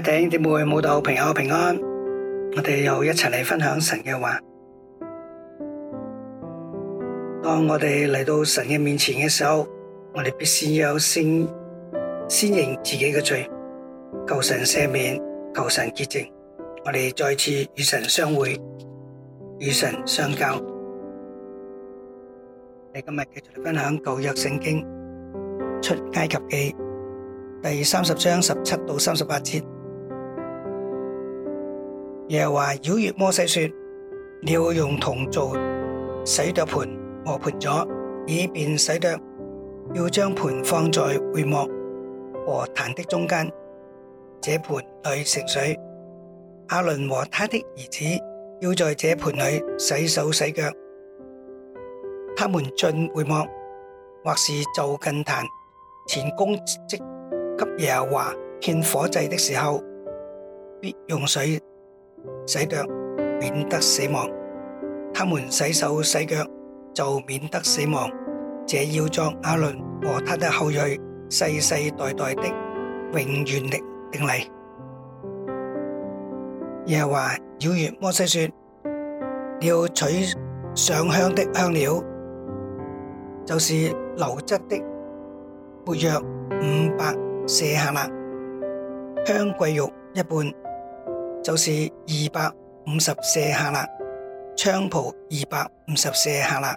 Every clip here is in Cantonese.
頂姊妹，午到平安，平安。我哋又一齊嚟分享神嘅話。當我哋嚟到神嘅面前嘅時候，我哋必須要有先先認自己嘅罪，求神赦免，求神潔淨。我哋再次與神相會，與神相交。我哋今日繼續嚟分享舊約聖經出埃及記第三十章十七到三十八節。耶和華曉諭摩西說：你要用銅做洗腳盆和盆座，以便洗腳。要將盆放在會幕和壇的中間。這盆裏盛水。亞倫和他的兒子要在這盆裏洗手洗腳。他們進會幕或是就近壇前供職，給耶和華獻火祭的時候，必用水。洗腳免得死亡，他們洗手洗腳就免得死亡，這要作亞倫和他的後裔世世代代的永遠的定例。耶華曉諭摩西說：要取上香的香料，就是流質的沒藥五百舍客勒，香桂肉一半。就是二百五十舍客勒，菖蒲二百五十舍客勒，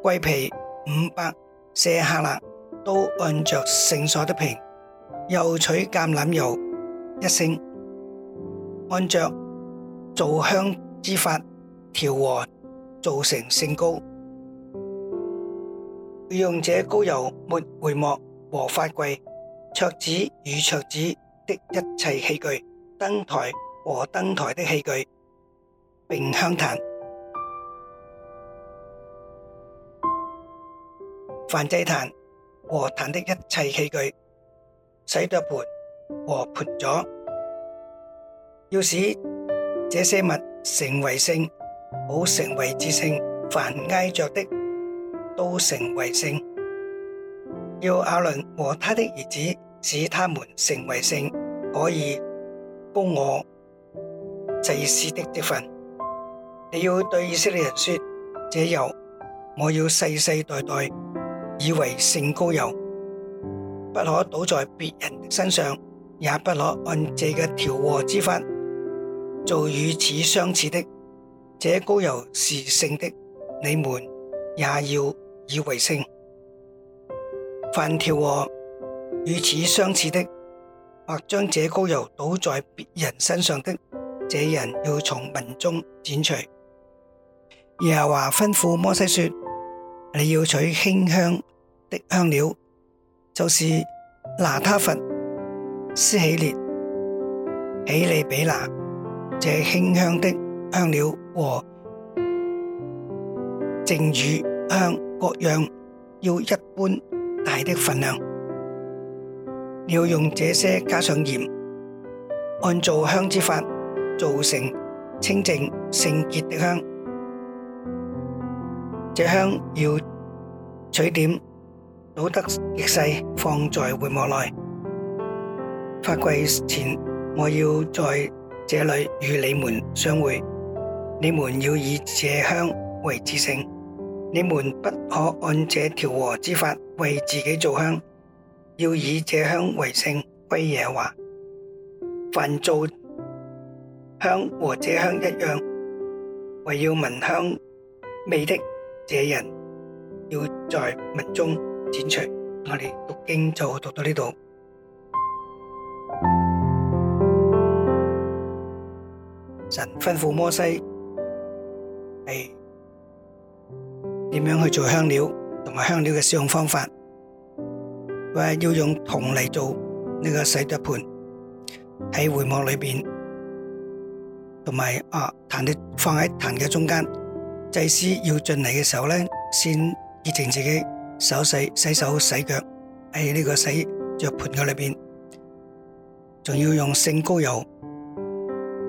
桂皮五百舍客勒，都按着聖所的平，又取橄欖油一升，按着造香之法調和，做成聖膏，要用這膏油抹會幕和法櫃、桌子與桌子的一切器具、燈臺。和燈臺的器具，並香壇、燔祭壇和壇的一切器具、洗濯盆和盆座，要使這些物成為聖，好成為至聖。凡挨着的都成為聖。要亞倫和他的兒子使他們成為聖，可以供我祭司的職分，你要對以色列人說：這油我要世世代代以為聖膏油，不可倒在別人身上，也不可按這嘅調和之法做與此相似的。這膏油是聖的，你們也要以為聖。凡調和與此相似的，或將這膏油倒在別人身上的，這人要從文中剪除。耶和華吩咐摩西說：你要取馨香的香料，就是拿他弗、施喜列、喜利比拿這馨香的香料和淨乳香各樣，要一般大的份量。要用這些加上鹽，按做香之法。造成清淨聖潔的香，這香要取點，搗得極細，放在會幕內，法櫃前，我要在這裏與你們相會，你們要以這香為至聖，你們不可按這調和之法為自己做香，要以這香為聖，歸耶和華，凡做香和這香一樣，為要聞香味的這人，要在民中剪除。我哋讀經就讀到呢度，神吩咐摩西係點樣去做香料同埋香料嘅使用方法，話要用銅嚟，做呢個洗濯盤喺會幕裏邊。同埋啊，壇放喺壇嘅中間。祭司要進嚟嘅時候咧，先潔淨自己，手洗、洗手、洗腳喺呢個洗腳盤嘅裏邊，仲要用聖膏油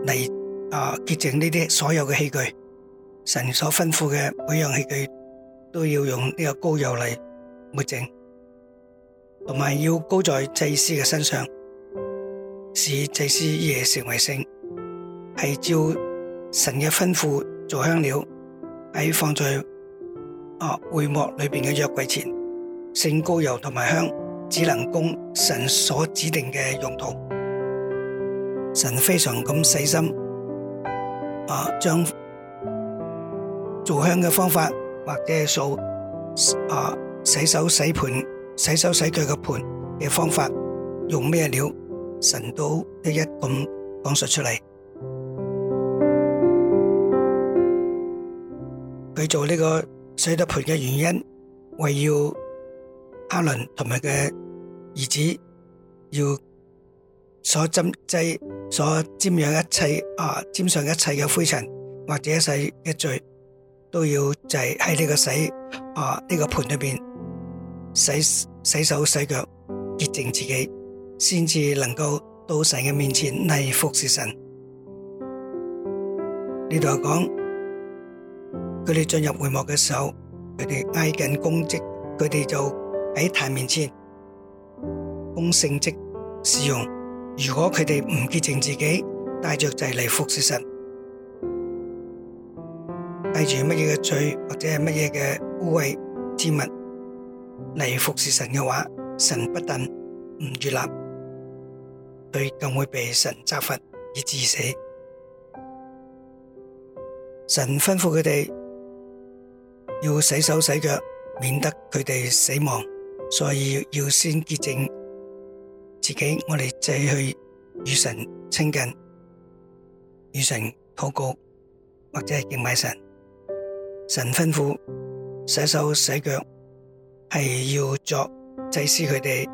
嚟啊潔淨呢啲所有嘅器具。神所吩咐嘅每樣器具都要用呢個膏油嚟抹淨，同埋要膏在祭司嘅身上，使祭司也成為聖。係照神嘅吩咐做香料，喺放在啊會幕裏邊嘅約櫃前。聖膏油同埋香只能供神所指定嘅用途。神非常咁細心啊，將做香嘅方法或者數啊洗手洗盤、洗手洗腳嘅盤嘅方法用咩料，神都一一咁講述出嚟。佢做呢個洗得盆嘅原因，為要阿倫同佢嘅兒子要所浸製、所沾染一切啊，沾上一切嘅灰塵或者一切嘅罪，都要就係喺呢個洗啊呢、這個盆裏邊洗洗手、洗腳，潔淨自己，先至能夠到神嘅面前嚟服侍神。呢度講。佢哋進入會幕嘅時候，佢哋挨近供職，佢哋就喺壇面前供聖職侍奉。如果佢哋唔潔淨自己，帶住罪嚟服侍神，帶住乜嘢嘅罪或者係乜嘢嘅污穢之物嚟服侍神嘅話，神不但唔悅納，佢更會被神責罰以致死。神吩咐佢哋。要洗手洗腳，免得佢哋死亡，所以要，要先潔淨自己。我哋借去與神親近，與神禱告，或者係敬拜神。神吩咐洗手洗腳，係要作祭司佢哋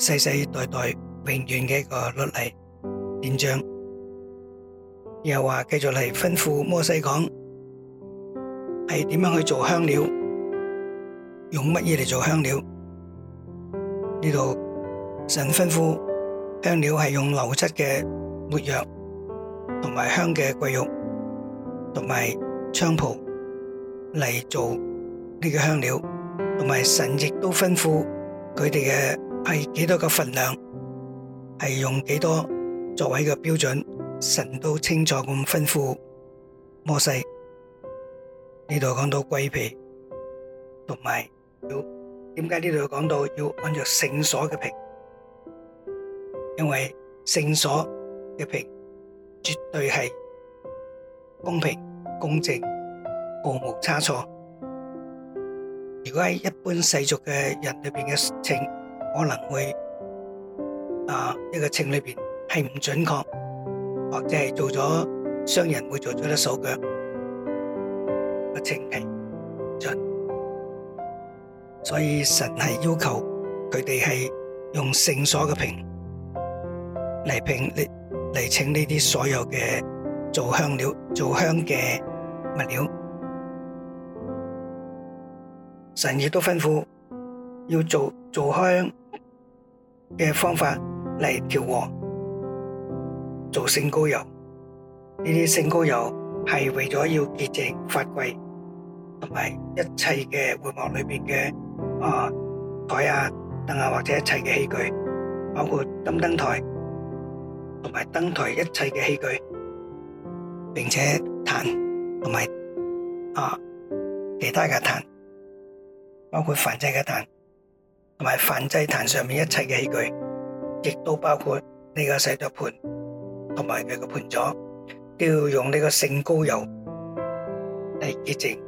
世世代代永遠嘅一個律例典章。又話繼續嚟吩咐摩西講。係點樣去做香料？用乜嘢嚟做香料？呢度神吩咐香料係用流質嘅沒藥同埋香嘅桂肉同埋菖蒲嚟做呢個香料，同埋神亦都吩咐佢哋嘅係幾多個份量，係用幾多作為嘅標準，神都清楚咁吩咐摩西。呢度講到桂皮，同埋要點解呢度講到要按照聖所嘅評？因為聖所嘅評絕對係公平、公正、毫無差錯。如果喺一般世俗嘅人裏邊嘅稱，可能會啊呢個稱裏邊係唔準確，或者係做咗商人會做咗啲手腳。情理盡，所以神係要求佢哋係用聖所嘅瓶嚟聘呢嚟請呢啲所有嘅做香料、做香嘅物料。神亦都吩咐要做做香嘅方法嚟調和做聖膏油。呢啲聖膏油係為咗要潔淨、法櫃。同埋一切嘅會幕裡面嘅啊台啊凳啊或者一切嘅器具，包括燈燈台同埋燈台一切嘅器具，並且壇同埋啊其他嘅壇，包括凡制嘅壇同埋凡制壇上面一切嘅器具，亦都包括呢個洗濯盆同埋佢嘅盆座，都要用呢個聖膏油嚟潔淨。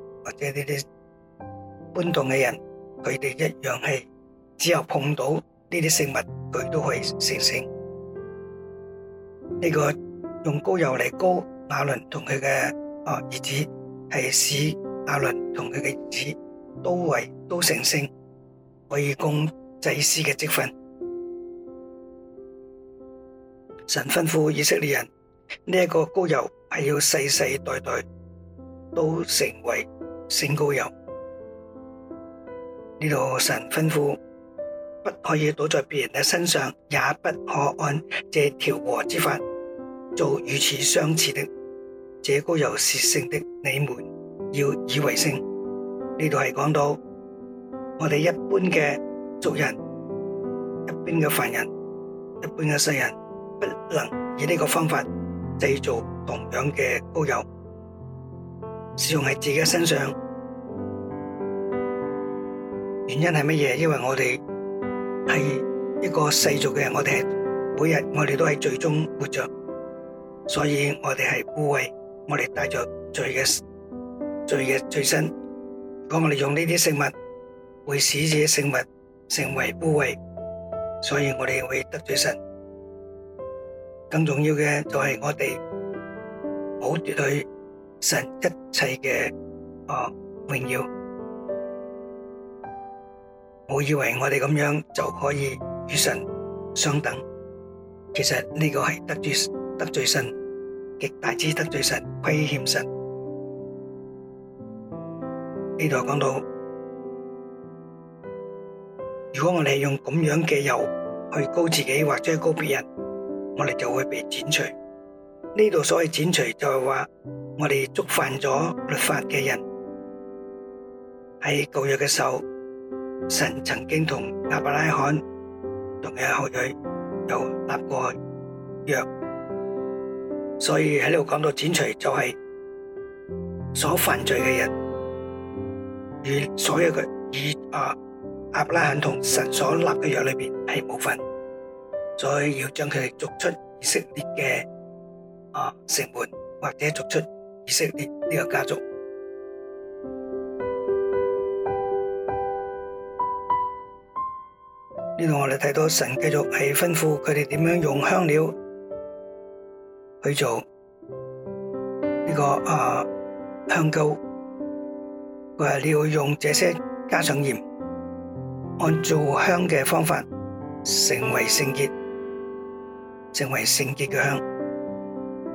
或者呢啲搬動嘅人，佢哋一樣係，只要碰到呢啲聖物，佢都可以成聖。呢個用膏油嚟膏亞倫同佢嘅哦兒子，係使亞倫同佢嘅兒子都為都成聖，可以供祭司嘅職分。神吩咐以色列人呢一個膏油係要世世代代都成為。聖膏油呢度神吩咐，不可以倒在別人嘅身上，也不可按這調和之法做與此相似的。這膏油是聖的，你們要以為聖。呢度係講到我哋一般嘅俗人，一般嘅凡人，一般嘅世人，不能以呢個方法製造同樣嘅膏油，使用喺自己身上，原因係乜嘢？因為我哋係一個世俗嘅人，我哋每日我哋都係罪中活着，所以我哋係污穢，我哋帶着罪嘅罪嘅罪身。如果我哋用呢啲食物，會使這食物成為污穢，所以我哋會得罪神。更重要嘅就係我哋唔好絕對。神一切嘅哦榮耀，我以為我哋咁樣就可以與神相等，其實呢個係得罪得罪神，極大之得罪神，虧欠神。呢度講到，如果我哋用咁樣嘅油去膏自己或者膏別人，我哋就會被剪除。呢度所謂剪除就係話。我哋觸犯咗律法嘅人，喺舊約嘅時候，神曾經同亞伯拉罕同嘅後裔有立過約，所以喺呢度講到剪除就係所犯罪嘅人，與所有嘅以啊亞伯拉罕同神所立嘅約裏邊係無份，所以要將佢哋逐出以色列嘅啊城門或者逐出。以色列呢個家族，呢度我哋睇到神繼續係吩咐佢哋點樣用香料去做呢個啊香膏，佢話，你要用這些加上鹽，按做香嘅方法成為聖潔，成為聖潔嘅香。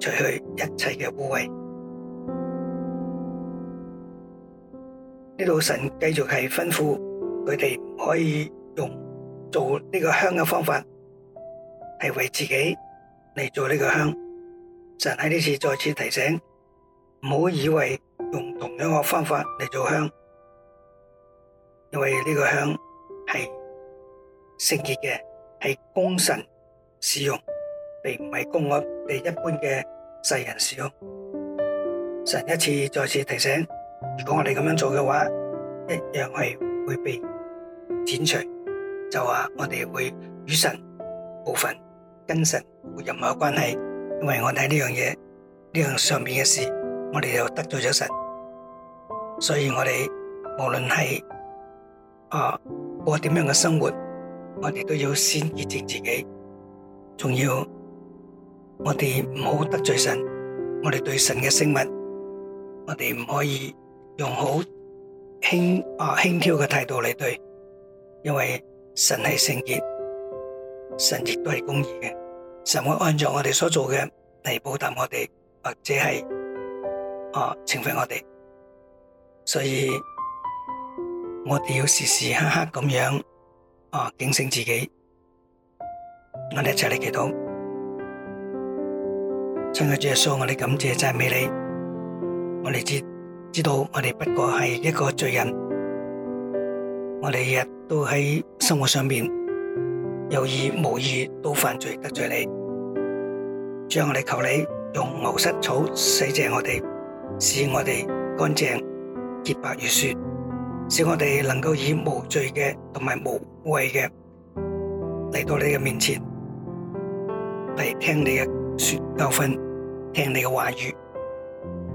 除去一切嘅污穢，呢度神繼續係吩咐佢哋唔可以用做呢個香嘅方法，係為自己嚟做呢個香。神喺呢次再次提醒，唔好以為用同樣嘅方法嚟做香，因為呢個香係聖潔嘅，係供神使用。並唔係講我哋一般嘅世人少，神一次再次提醒，如果我哋咁樣做嘅話，一樣係會被剪除。就話我哋會與神無分，跟神冇任何嘅關係，因為我睇呢樣嘢呢樣上邊嘅事，我哋又得罪咗神。所以我哋無論係啊過點樣嘅生活，我哋都要先潔淨自己，仲要。我哋唔好得罪神，我哋對神嘅聖物，我哋唔可以用好輕啊輕佻嘅態度嚟對，因為神係聖潔，神亦都係公義嘅，神會按照我哋所做嘅嚟報答我哋，或者係啊懲罰我哋，所以我哋要時時刻刻咁樣啊警醒自己，我哋一齊嚟祈禱。親愛嘅，耶穌，我哋感謝讚美你。我哋知知道，我哋不過係一個罪人。我哋日日都喺生活上面有意無意都犯罪得罪你。最後我哋求你用牛膝草洗淨我哋，使我哋乾淨潔白如雪，使我哋能夠以無罪嘅同埋無畏嘅嚟到你嘅面前嚟聽你嘅。說教訓，聽你嘅話語，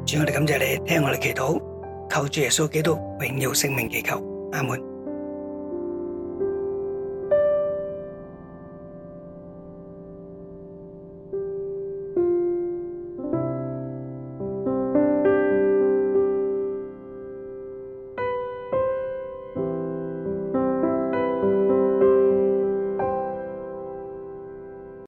主，我哋感謝你，聽我哋祈禱，求主耶穌基督榮耀聖名祈求，阿門。